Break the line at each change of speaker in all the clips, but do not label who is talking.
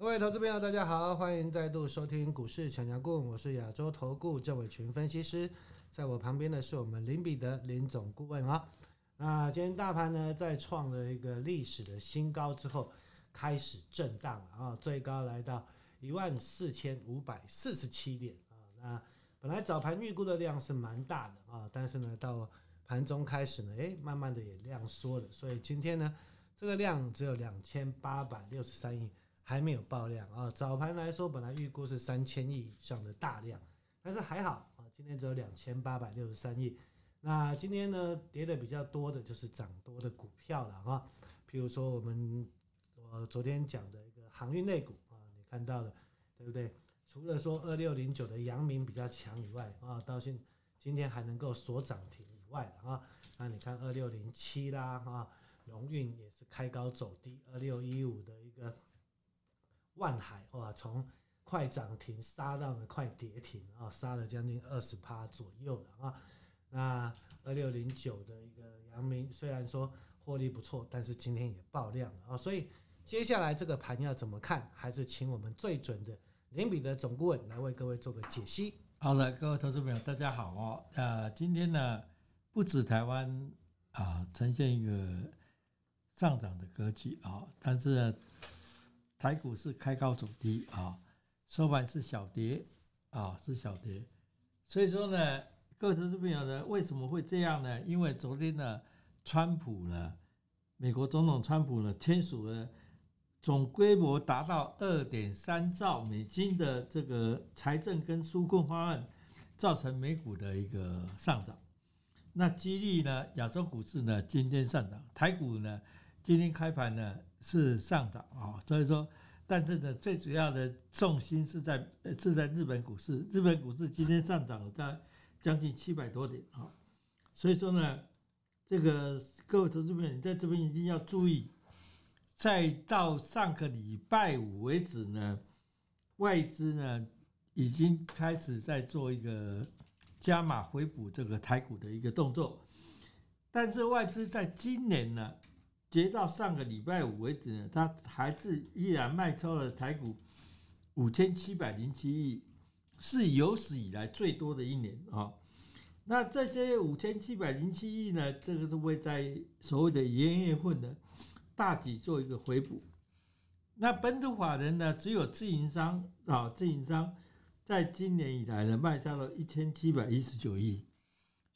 各位投資朋友，大家好，歡迎再度收聽股市強強滾。我是亞洲投顧鄭偉群分析師，在我旁邊的是我們林彼得林總顧問、哦、啊。那今天大盤呢，在創了一個歷史的新高之後，開始震盪啊。最高來到一萬四千五百四十七點啊。那本來早盤預估的量是蠻大的啊，但是呢，到盤中開始呢，哎、欸，慢慢的也量縮了。所以今天呢，這個量只有兩千八百六十三億。還沒有爆量啊！早盤來說，本來預估是三千億以上的大量，但是還好啊，今天只有兩千八百六十三億。那今天呢，跌得比較多的就是漲多的股票了啊，譬如說我們我昨天講的一個航運類股啊，你看到了對不對？除了說二六零九的陽明比較強以外啊，到現今天還能夠鎖漲停以外啊，那你看二六零七啦啊，榮運也是開高走低，二六一五的一個，萬海哇，從快漲停殺到了快跌停啊，殺了將近二十趴左右啊。那二六零九的一個陽明，雖然說獲利不錯，但是今天也爆量啊。所以接下來這個盤要怎麼看？還是請我們最準的零比的總顧問來為各位做個解析。
好了，各位投資朋友，大家好啊、哦。呃，今天呢不止台灣啊、呃、呈現一個上漲的格局啊、呃，但是呢。台股是開高走低啊，收、哦、盤是小跌啊、哦，是小跌。所以說呢，各位投資朋友呢，為什麼會這樣呢？因為昨天的川普呢，美國總統川普呢，簽署了總規模達到二點三兆美金的這個財政跟紓困方案，造成美股的一個上漲。那激勵呢，亞洲股市呢，今天上漲，台股呢，今天開盤呢。是上漲啊，所以說，但這個最主要的重心是在是在日本股市，日本股市今天上漲了在將近七百多點啊，所以說呢，這個各位投資朋友，你在這邊一定要注意，再到上個禮拜五為止呢，外資呢已經開始在做一個加碼回補這個台股的一個動作，但是外資在今年呢。截至上個禮拜五為止呢，他還是依然賣出了台股五千七百零七億，是有史以來最多的一年啊。那這些五千七百零七億呢，這個是會在所謂的元月份呢，大體做一個回補。那本土法人呢，只有自營商啊，自營商在今年以來呢，賣出了一千七百一十九億。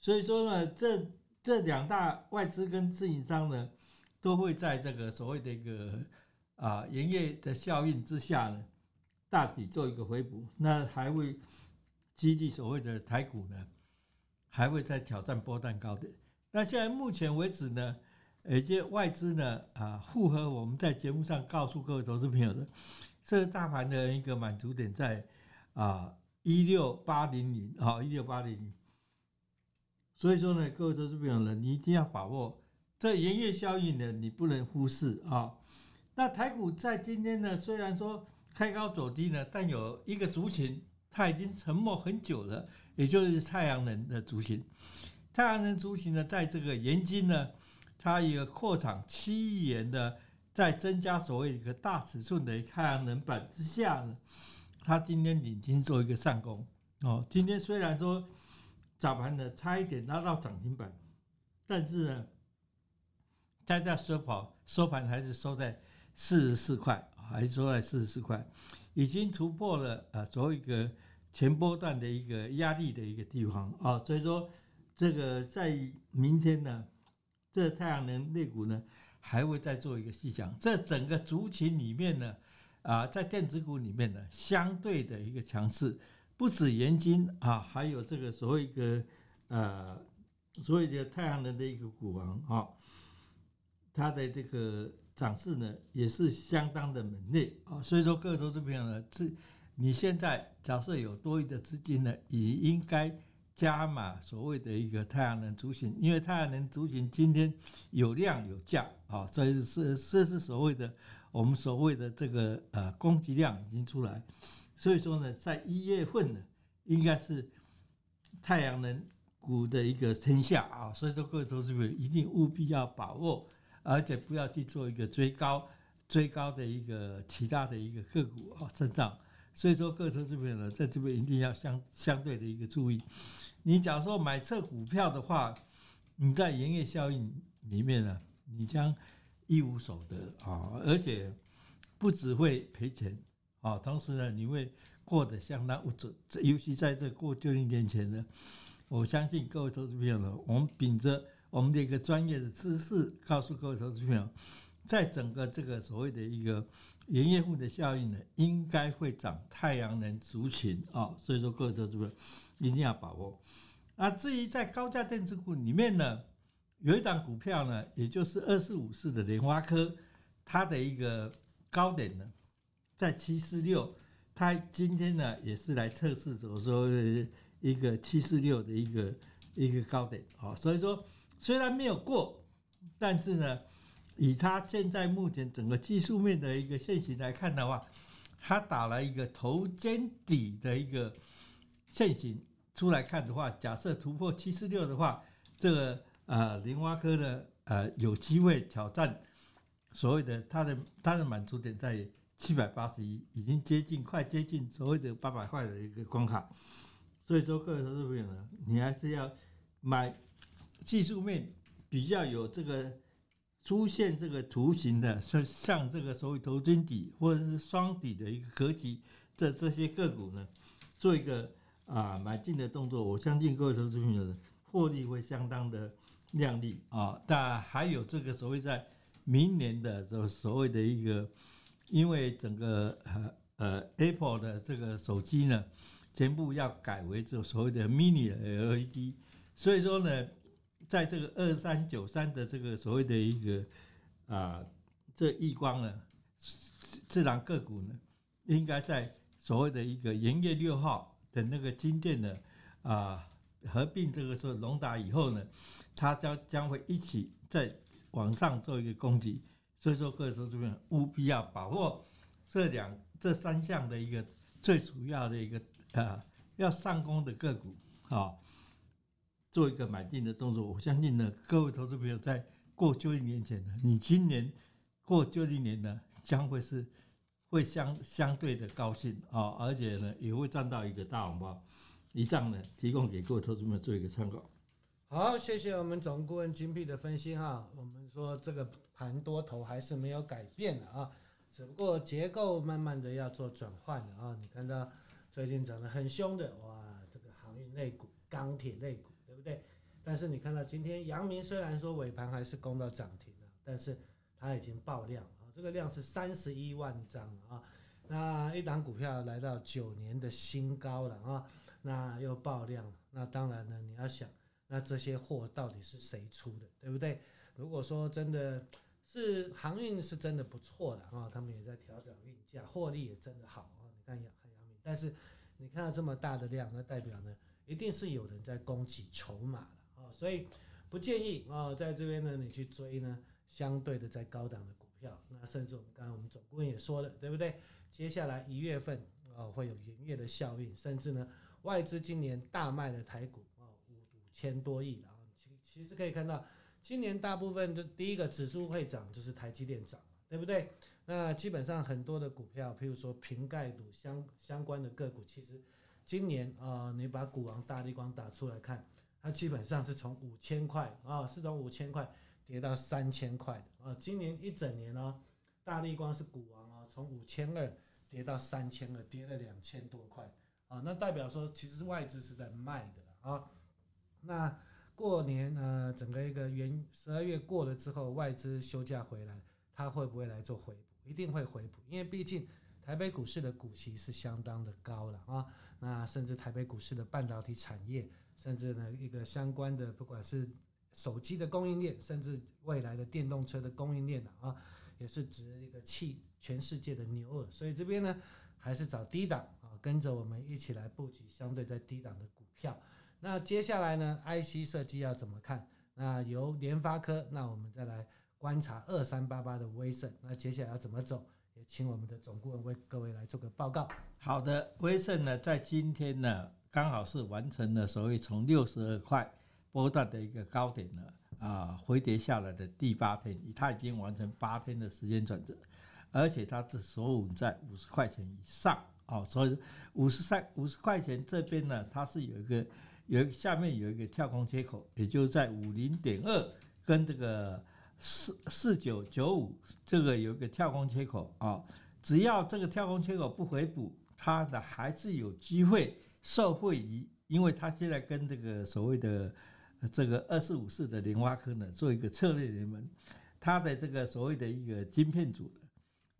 所以說呢，這這兩大外資跟自營商呢。都會在這個所謂的一個啊，營業的效應之下呢，大體做一個回補，那還會激勵所謂的台股呢，還會再挑戰波段高點，那現在目前為止呢，而且外資呢啊，符合我們在節目上告訴各位投資朋友的，這個大盤的一個滿足點在啊一六八零零，哦一六八零零。所以說呢，各位投資朋友呢，你一定要把握。這鹽業效應呢，你不能忽視啊、哦。那台股在今天呢，雖然說開高走低呢，但有一個族群它已經沉默很久了，也就是太陽能的族群。太陽能族群呢，在這個鹽金呢，它一個擴產七億元的，在增加所謂一個大尺寸的太陽能板之下呢，它今天已經做一個上攻哦。今天雖然說早盤呢差一點拉到漲停板，但是呢。大家說好，收盤還是收在四十四塊，還是收在四十四塊，已經突破了啊、呃！所謂一個前波段的一個壓力的一個地方啊、哦，所以說這個在明天呢，這個、太陽能類股呢還會再做一個細想。這整個族群裡面呢，啊、呃，在電子股裡面呢，相對的一個強勢，不止元晶啊，還有這個所謂一個啊、呃，所謂的太陽能的一個股王啊。哦它的這個漲勢呢，也是相當的猛烈啊，所以說各位投資朋友呢，是你現在假設有多餘的資金呢，也應該加碼所謂的一個太陽能族群，因為太陽能族群今天有量有價啊，所以是這是所謂的我們所謂的這個呃供給量已經出來，所以說呢，在一月份呢，應該是太陽能股的一個天下啊，所以說各位投資朋友一定務必要把握。而且不要去做一個追高，追高的一個其他的一個個股啊，增長，所以說，各位投資朋友呢，在這邊一定要相相對的一個注意。你假如說買錯股票的話，你在營業效應裡面呢，你將一無所得啊，而且不只會賠錢啊，同時呢，你會過得相當無助。尤其在這過舊曆年前呢，我相信各位投資朋友，我們秉着。我們的一個專業的知識告訴各位投資朋友，在整個這個所謂的一個營業戶的效應呢，應該會漲太陽能族群啊、哦，所以說各位投資朋友一定要把握、啊。那至於在高價電子股裡面呢，有一檔股票呢，也就是二四五四的聯發科，它的一個高點呢，在七四六，它今天呢也是來測試，着我說一個七四六的一個一個高點啊、哦，所以說。雖然沒有過，但是呢，以他現在目前整個技術面的一個線型來看的話，他打了一個頭肩底的一個線型出來看的話，假設突破七四六的話，這個呃林花科呢呃有機會挑戰所謂的它的它的滿足點在於七百八十一，已經接近快接近所謂的八百塊的一個關卡，所以說各位投資朋友呢，你還是要買。技術面比較有這個出現這個圖形的，像像這個所謂頭肩底或者是雙底的一個格局，這這些個股呢做一個啊買進的動作，我相信各位投資朋友獲利會相當的亮麗啊。但還有這個所謂在明年的這所謂的一個，因為整個呃呃 Apple 的這個手機呢，全部要改為這所謂的 Mini 的 LED 所以說呢。在這個二三九三的這個所謂的一個啊、呃，這一關呢，自然個股呢，應該在所謂的一個元月六號的那個晶電呢啊、呃、合併這個時候隆達以後呢，它將將會一起在網上做一個攻擊，所以說各位說這邊務必要把握這兩這三項的一個最主要的一個啊、呃、要上攻的個股啊。哦做一個買進的動作，我相信呢，各位投資朋友在過舊一年前呢，你今年過舊一年呢，將會是會相相對的高興啊、哦，而且呢也會賺到一個大紅包。以上呢提供給各位投資朋友做一個參考。
好，謝謝我們總顧問精闢的分析哈。我們說這個盤多頭還是沒有改變的啊，只不過結構慢慢的要做轉換了啊。你看到最近漲得很兇的哇，這個航運類股、鋼鐵類股。對，但是你看到今天陽明雖然說尾盤還是攻到漲停了，但是它已經爆量，這個量是三十一萬張啊，那一檔股票來到九年的新高了啊，那又爆量，那當然呢，你要想，那這些貨到底是誰出的，對不對？如果說真的是航運是真的不錯的啊，他們也在調整運價，獲利也真的好啊，你看陽明，但是你看到這麼大的量，那代表呢？一定是有人在供給籌碼了啊，所以不建議啊，在這邊呢你去追呢，相對的在高檔的股票。那甚至我們剛才我們總顧問也說了，對不對？接下來一月份啊會有元月的效應，甚至呢外資今年大賣的台股啊五五千多億啊。其其實可以看到，今年大部分的第一個指數會漲，就是台積電漲嘛，對不對？那基本上很多的股票，譬如說蘋概股相相關的個股，其實。今年啊，你把股王大立光打出來看，它基本上是從五千塊啊，是從五千塊跌到三千塊啊。今年一整年呢，大立光是股王啊，從五千二跌到三千二，跌了兩千多塊啊。那代表說，其實外資是在賣的啊。那過年呃，整個一個元十二月過了之後，外資休假回來，它會不會來做回補？一定會回補，因為畢竟。台北股市的股息是相當的高了啊，哦，那甚至台北股市的半導體產業，甚至呢一個相關的，不管是手機的供應鏈，甚至未來的電動車的供應鏈啊，也是執一個執全世界的牛耳。所以這邊呢還是找低檔啊，跟着我們一起來佈局相對在低檔的股票。那接下來呢 IC 設計要怎麼看？那由聯發科，那我們再來觀察二三八八的威盛，那接下來要怎麼走？請我們的總顧問為各位來做個報告。
好的，威盛呢，在今天呢，剛好是完成了所謂從六十二塊波段的一個高點呢，啊，回跌下來的第八天，它已經完成八天的時間轉折，而且它是收穩在五十塊錢以上哦，所以五十三、五十塊錢這邊呢，它是有一個有一個下面有一個跳空缺口，也就是在五零點二跟這個。四四九九五這個有一個跳空缺口啊、哦，只要這個跳空缺口不回補，它的還是有機會受惠於，因為它現在跟這個所謂的這個二四五四的聯發科呢做一個策略聯盟，它的這個所謂的一個晶片組，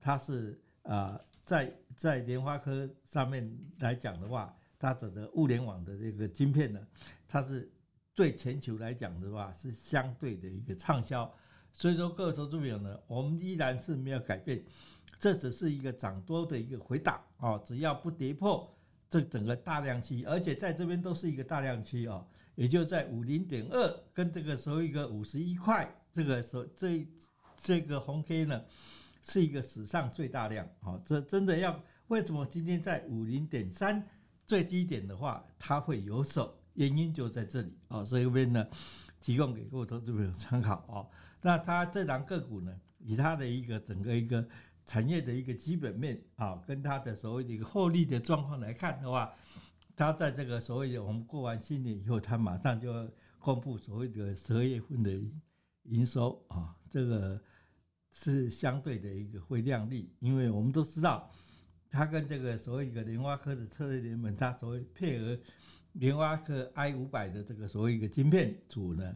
它是啊、呃、在在聯發科上面來講的話，它整個物聯網的這個晶片呢，它是對全球來講的話是相對的一個暢銷。所以說，各位投資者朋友呢，我們依然是沒有改變，這只是一個漲多的一個回檔啊、哦。只要不跌破這整個大量區，而且在這邊都是一個大量區啊、哦。也就在五零點二跟這個時候一個五十一塊，這個時候這這個紅 K 呢，是一個史上最大量啊、哦。這真的要為什麼今天在五零點三最低點的話它會有手，原因就在這裡啊、哦。所以這邊呢，提供給各位投資者朋友參考啊。哦那它這檔個股呢，以它的一個整個一個產業的一個基本面啊、哦，跟它的所謂一個獲利的狀況來看的話，它在這個所謂我們過完新年以後，它馬上就要公布所謂的十二月份的營收啊、哦，這個是相對的一個會亮麗，因為我們都知道它跟這個所謂的一個聯發科的策略聯盟，它所謂配合聯發科 I 五百的這個所謂一個晶片組呢。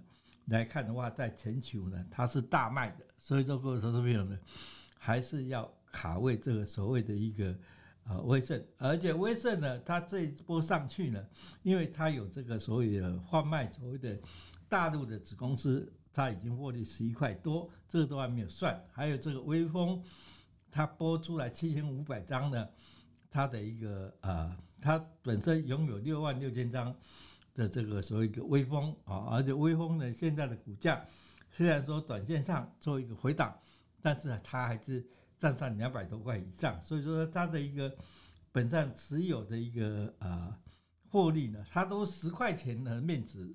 來看的話，在全球呢，它是大賣的，所以這個投資朋友呢，還是要卡位這個所謂的一個呃威盛，而且威盛呢，它這一波上去呢，因為它有這個所謂的販賣所謂的大陸的子公司，它已經獲利十一塊多，這個都還沒有算，還有這個威風，它播出來七千五百張呢，它的一個呃，它本身擁有六萬六千張。的這個所謂一個威風啊，而且威風呢現在的股價雖然說短線上做一個回檔，但是它還是站上兩百多塊以上，所以說它的一個本站持有的一個呃獲利呢，它都十塊錢的面值，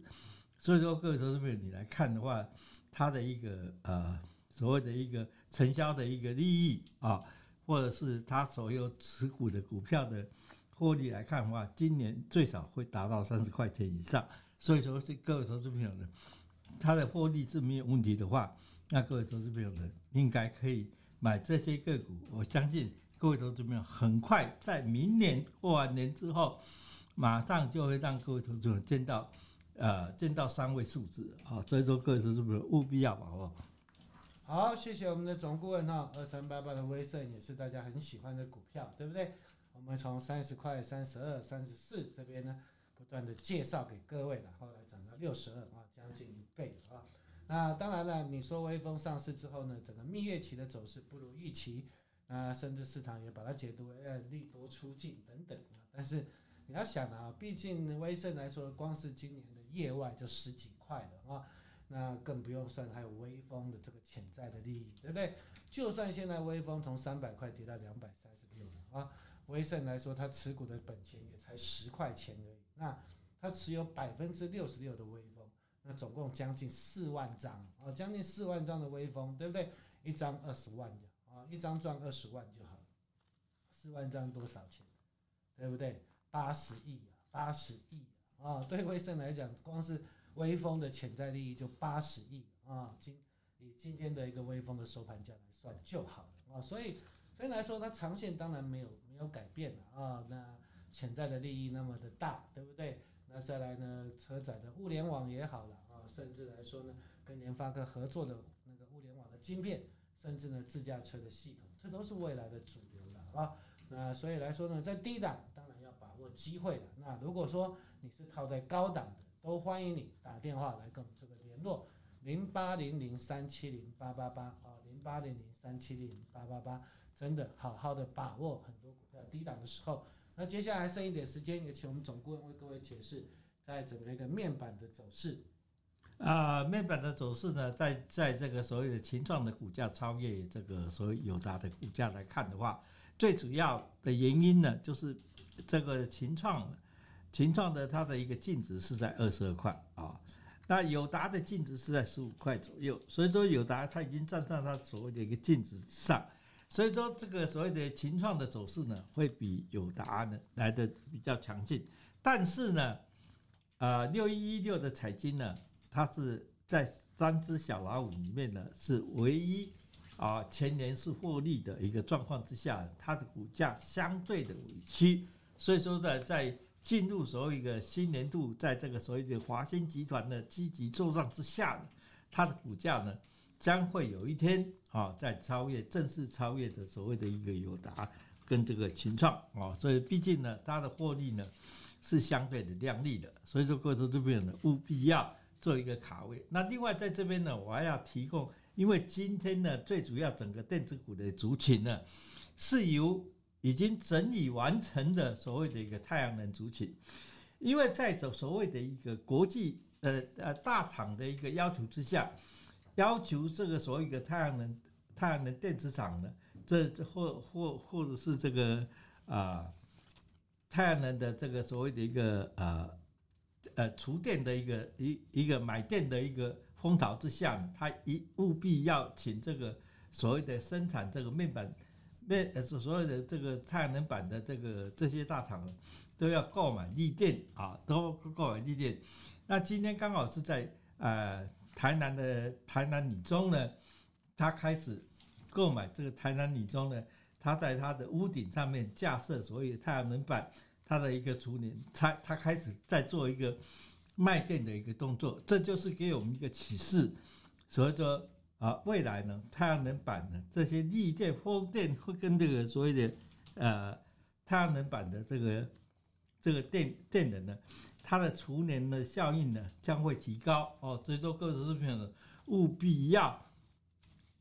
所以說各位投資朋友你來看的話，它的一個呃所謂的一個成交的一個利益啊、呃，或者是它所有持股的股票的。獲利來看的話，今年最少會達到三十塊錢以上，所以說，是各位投資朋友呢，它的獲利是沒有問題的話，那各位投資朋友呢，應該可以買這些個股。我相信各位投資朋友很快在明年過完年之後，馬上就會讓各位投資朋友見到，呃，見到三位數字啊，所以說各位投資朋友務必要把握。
好，謝謝我們的總顧問哈，二三八八的威盛也是大家很喜歡的股票，對不對？我們從三十塊、三十二、三十四這邊呢，不斷地介紹給各位，然後來漲到六十二啊，將近一倍啊、哦。那當然了，你說威鋒上市之後呢，整個蜜月期的走勢不如預期，那甚至市場也把它解讀為哎利多出盡等等，但是你要想啊，畢竟威盛來說，光是今年的業外就十幾塊了啊、哦，那更不用算還有威鋒的這個潛在的利益，對不對？就算現在威鋒從三百塊跌到兩百三十六了啊。哦威盛來說，他持股的本錢也才十塊錢而已。那他持有百分之六十六的威鋒，那總共將近四萬張啊，哦，將近四萬張的威鋒，對不對？一張二十萬的啊，一張賺二十萬就好了。四萬張多少錢？對不對？八十億啊，八十億啊！對威盛來講，光是威鋒的潛在利益就八十億啊，今以今天的一個威鋒的收盤價來算就好了啊，所以。所以來說，它長線當然沒有沒有改變了啊、哦。那潛在的利益那麼的大，對不對？那再來呢，車載的物聯網也好了啊、哦，甚至來說呢，跟聯發科合作的那個物聯網的晶片，甚至呢，自駕車的系統，這都是未來的主流了啊。那所以來說呢，在低檔當然要把握機會了。那如果說你是套在高檔的，都歡迎你打電話來跟我們這個聯絡，零八零零三七零八八八啊，零八零零三七零八八八。真的好好的把握很多股票低檔的時候，那接下來剩一點時間，也請我們總顧問為各位解釋，在整個一個面板的走勢。啊、
呃，面板的走勢呢，在在這個所謂的群創的股價超越這個所謂友達的股價來看的話，最主要的原因呢，就是這個群創，群創的它的一個淨值是在二十二塊啊，那友達的淨值是在十五塊左右，所以說友達它已經站在它所謂的一個淨值上。所以說，這個所謂的群創的走勢呢，會比友達的來的比較強勁。但是呢，呃，六一一六的彩晶呢，它是在三隻小老虎裡面呢，是唯一啊、呃、前年是獲利的一個狀況之下，它的股價相對的委屈。所以說，在在進入所謂一個新年度，在這個所謂的華新集團的積極作戰之下呢，它的股價呢，將會有一天。啊、哦，在超越正式超越的所謂的一個友達跟這個群創啊，所以畢竟呢，它的獲利呢是相對的亮麗的，所以說各位說這邊呢，務必要做一個卡位。那另外在這邊呢，我還要提供，因為今天呢，最主要整個電子股的族群呢，是由已經整理完成的所謂的一個太陽能族群，因為在所所謂的一個國際呃呃大廠的一個要求之下。要求這個所謂的太陽能太陽能電池廠的，這或或或者是這個啊、呃、太陽能的這個所謂的一個呃呃儲電的一個一一個買電的一個風潮之下，他一務必要請這個所謂的生產這個面板面所有的這個太陽能板的這個這些大廠都要購買綠電啊，都購買綠電。那今天剛好是在呃。台南的台南女中呢，他開始購買這個台南女中呢，他在他的屋頂上面架設所有太陽能板，他的一個廚娘，他他開始在做一個賣電的一個動作，這就是給我們一個啟示。所以說啊，未來呢，太陽能板呢，這些綠電、風電會跟這個所謂的呃太陽能板的這個這個電電能呢。它的儲能的效應呢將會提高哦，所以說各位投資朋友呢務必要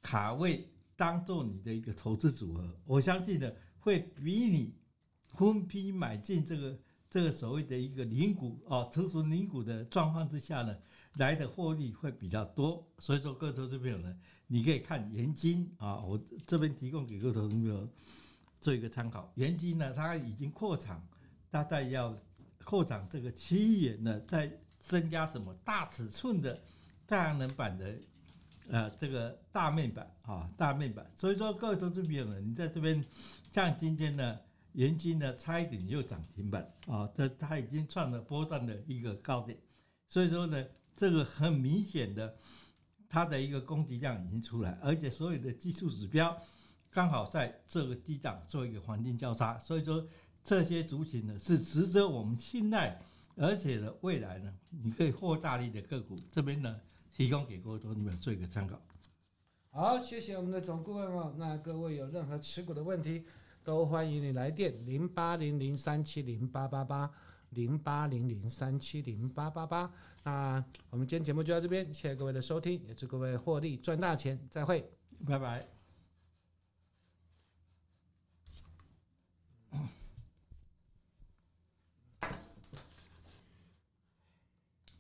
卡位當做你的一個投資組合，我相信呢會比你分批買進這個這個所謂的一個零股哦，成熟零股的狀況之下呢來的獲利會比較多，所以說各位投資朋友呢你可以看元金啊、哦，我這邊提供給各位投資朋友做一個參考，元金呢它已經擴產，大概要。擴展這個區域呢，在增加什麼大尺寸的太陽能板的，呃，這個大面板啊、哦，大面板。所以說，各位投資朋友們，你在這邊，像今天呢，元晶呢差一點又漲停板啊、哦，這它已經創了波段的一個高點。所以說呢，這個很明顯的，它的一個攻擊量已經出來，而且所有的技術指標剛好在這個低檔做一個黃金交叉，所以說。這些族群呢是值得我們信賴，而且呢未來呢你可以獲大利的個股，這邊呢提供給各位你們做一個參考。
好，謝謝我們的總顧問哦。那各位有任何持股的問題，都歡迎你來電零八零零三七零八八八零八零零三七零八八八。0800370888, 0800370888, 那我們今天節目就到這邊，謝謝各位的收聽，也祝各位獲利賺大錢，再會，拜拜。